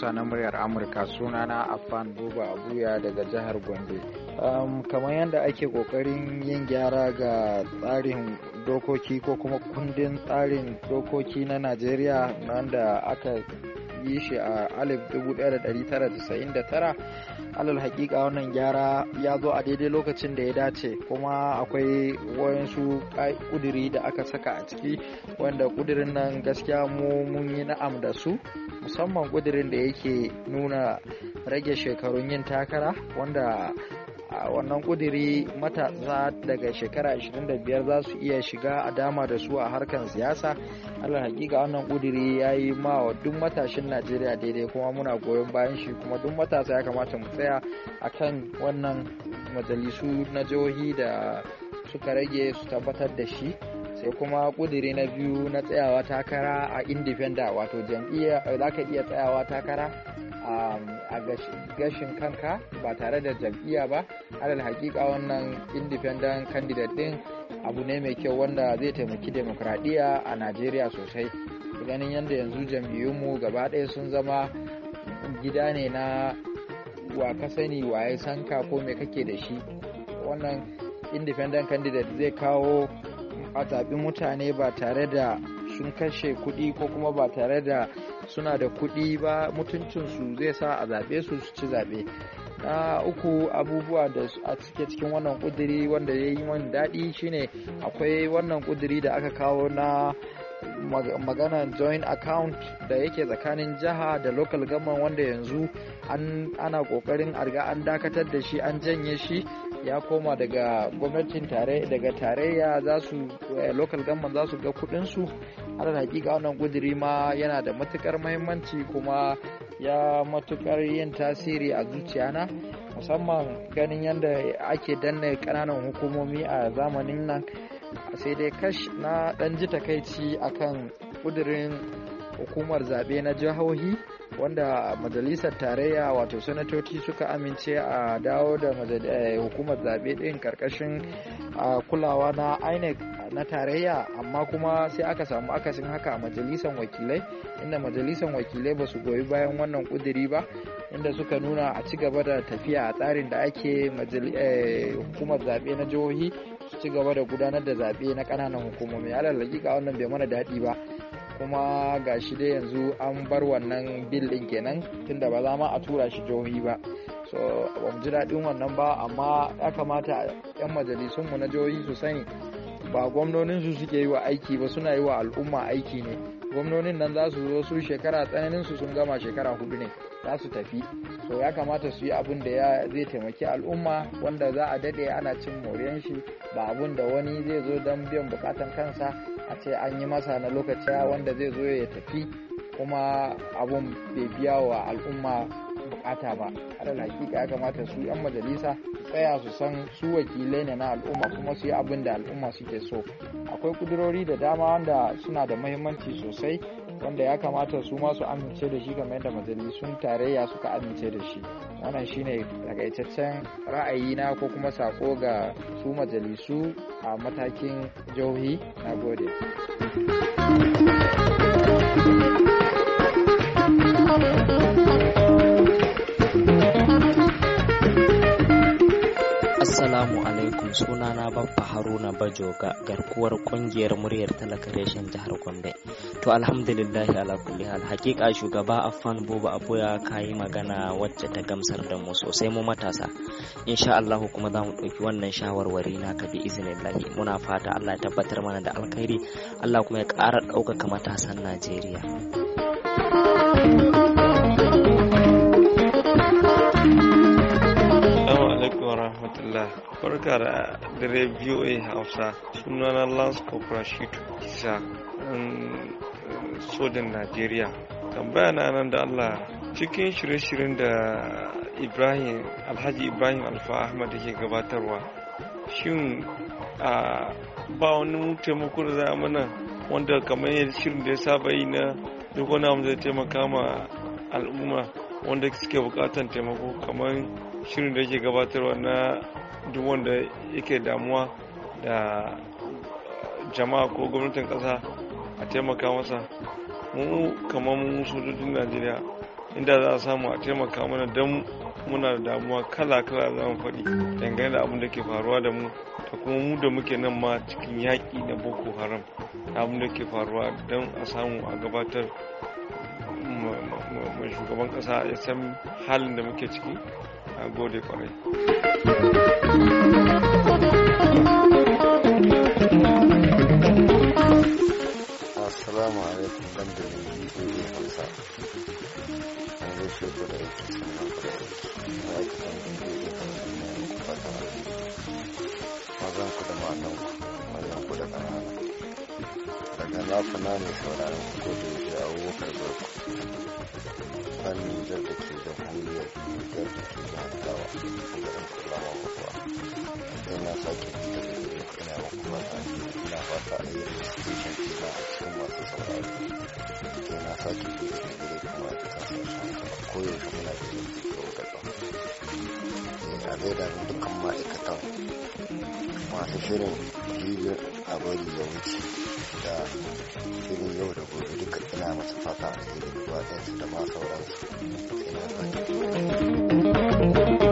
Hausa na muryar Amurka sunana Afan Buba Abuya daga jihar Gombe. Um, kamar yadda ake kokarin yin gyara ga tsarin dokoki ko kuma kundin tsarin dokoki na Najeriya da aka yi shi a 1999 alal hakika wannan gyara ya zo a daidai lokacin da ya dace kuma akwai wayansu kuduri da aka saka a ciki wanda kudirin nan gaskiya mu mun yi na'am da su musamman kudirin da yake nuna rage shekarun yin takara wanda a wannan kudiri matasa daga shekara 25 za su iya shiga a dama da su a harkar siyasa allah hakika wannan kudiri ya yi ma duk matashin najeriya daidai kuma muna goyon bayan shi kuma duk matasa ya kamata mu tsaya a kan wannan majalisu na jihohi da suka rage su tabbatar da shi sai kuma kudiri na biyu na tsayawa takara a indifenda wato jam'iyya za ka iya tsayawa takara Um, a gashin kanka ba tare da jam'iyya ba alal hakika wannan independent candidate din abu ne mai kyau wanda zai taimaki demokradiyya a najeriya sosai ganin yadda yanzu jam'iyyunmu gaba ɗaya sun zama gida ne na wa ka sani waye sanka ko me kake da shi wannan independent candidate zai kawo a mutane ba tare da sun kashe kuɗi ko kuma ba tare da suna da kuɗi ba mutuncinsu zai sa a zaɓe su su ci zaɓe na uku abubuwa da a cike cikin wannan ƙuduri wanda ya yi wani daɗi shine akwai wannan ƙuduri da aka kawo na magana joint account da yake tsakanin jiha da local government wanda yanzu ana kokarin arga an dakatar da shi an janye shi ya koma daga gwamnatin tare daga tarayya za su eh, local government za su ga kuɗin su har hakika wannan kuduri ma yana da matukar mahimmanci kuma ya matukar yin tasiri a zuciya na musamman ganin yadda ake danne kananan hukumomi a zamanin nan sai dai kash na dan ji takaici akan kudirin hukumar zabe na jihohi wanda majalisar tarayya wato sanatoci suka amince a dawo da eh, hukumar zabe ɗin karkashin ah, kulawa na inec na tarayya amma kuma sai aka samu akasin haka a majalisan wakilai inda majalisan wakilai ba su goyi bayan wannan kuduri ba inda suka nuna a ci gaba da tafiya a tsarin da ake eh, hukumar zaɓe na jihohi su ci gaba da gudanar da zaɓe na ƙananan hukumomi alal hakika wannan bai mana daɗi ba kuma ga shi dai yanzu an bar wannan bil ɗin kenan tunda ba za ma a tura shi jihohi ba so ba ji daɗin wannan ba amma ya kamata 'yan majalisunmu na jihohi su sani ba gwamnonin su suke yi wa aiki ba suna yi wa al'umma aiki ne gwamnonin nan za su zo su shekara tsananin su sun gama shekara hudu ne za su tafi so ya kamata su yi abin da ya zai taimaki al'umma wanda za a dade ana cin moriyan shi ba abin da wani zai zo don biyan bukatan kansa a ce an yi masa na lokaci wanda zai zo ya tafi kuma abun bai biya wa al'umma bukata ba alal hakika ya kamata su 'yan majalisa tsaya su san su wakilai ne na al'umma kuma su yi abin da al'umma suke so akwai kudurori da dama wanda suna da mahimmanci sosai wanda ya kamata su ma su amince da shi kamar yadda majalisun tarayya suka amince da shi wannan shine takaitaccen ra'ayi na ko kuma sako ga su majalisu a matakin jihohi na gode thank you Assalamu alaikum sunana babba Haruna Bajoga garkuwar kungiyar muryar talakar reshen jihar Gombe. To alhamdulillahi ala kulli hal hakika shugaba Affan Boba Aboya ka yi magana wacce ta gamsar da mu sosai mu matasa. Insha Allah kuma za mu ɗauki wannan shawarwari na ka bi iznillahi muna fata Allah ya tabbatar mana da alkhairi Allah kuma ya ƙara ɗaukaka matasan Najeriya. barka da dare voa hausa sunana lance corporate isa sojan najeriya tambaya na nan da allah cikin shirye-shiryen da ibrahim alhaji ibrahim alfa ahmad yake gabatarwa shin a ba wani taimako da za mana wanda kamar yadda shirin da ya saba yi na duk wani zai taimaka ma al'umma wanda suke bukatan taimako kamar shirin da yake gabatarwa na duk wanda yake damuwa da jama'a ko gwamnatin ƙasa a taimaka masa mu kamar mu sojojin najeriya inda za a samu a taimaka mana don muna da damuwa kala-kala za mu faɗi dangane da abin da ke faruwa da mu da kuma mu da muke nan ma cikin yaƙi na boko haram abin da ke faruwa don a samu a gabatar da shugaban kasa ya san halin da muke ciki a gode kwarai assalamu alaikum dan da ne an shi da da da yake mazan ku da ku mazan ku da daga naku na mai sauraron ko da sake da su gare kuma a kasashen koyaushe muna da yin da a zai da dukkan ma'aikatan masu shirin jibin a bari ya wuce da shirin yau da gobe duka ina masu fata a cikin da ba da ma sauransu